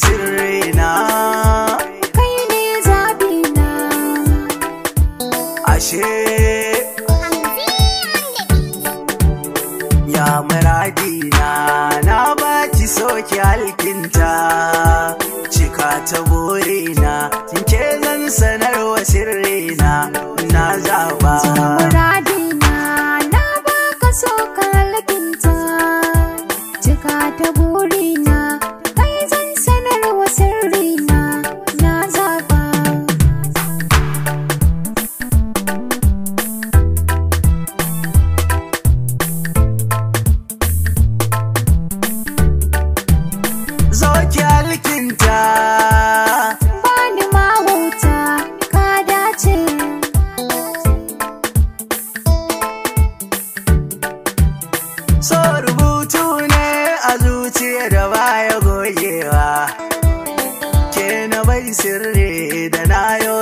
sirrina kai ne zaɓina ashe ya muradina na baki soki alkinta cika ta burina ke zan sanarwa sirrina na zaɓa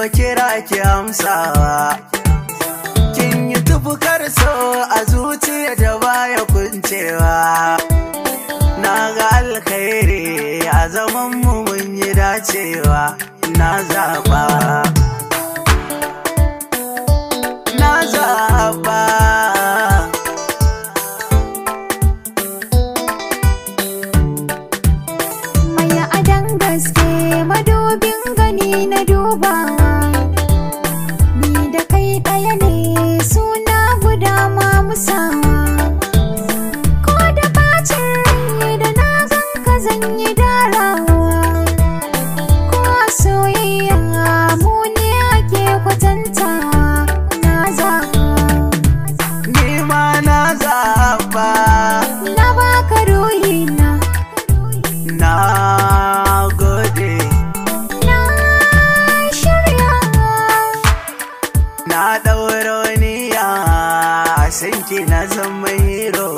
kira ki amsawa kin yi tufukar so a zuciya da baya kuncewa na ga alkhairi a zaman mu mun yi dacewa na zaɓa na zaɓa gaske madubin gani na sarauniya san ki na zama hero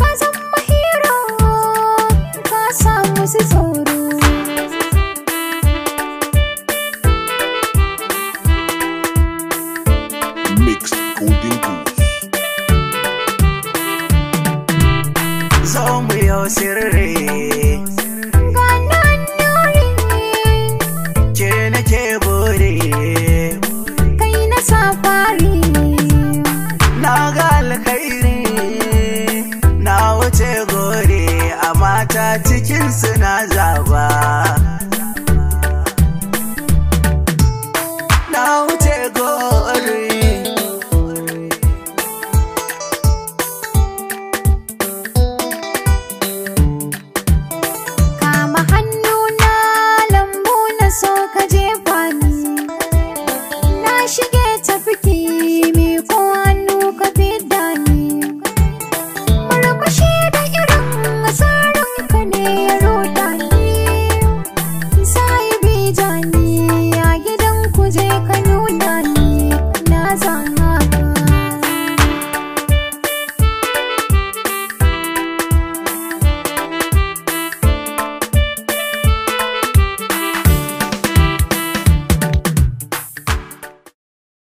ka zama hero ka samu su sirri na wuce gore a mata cikin sinazari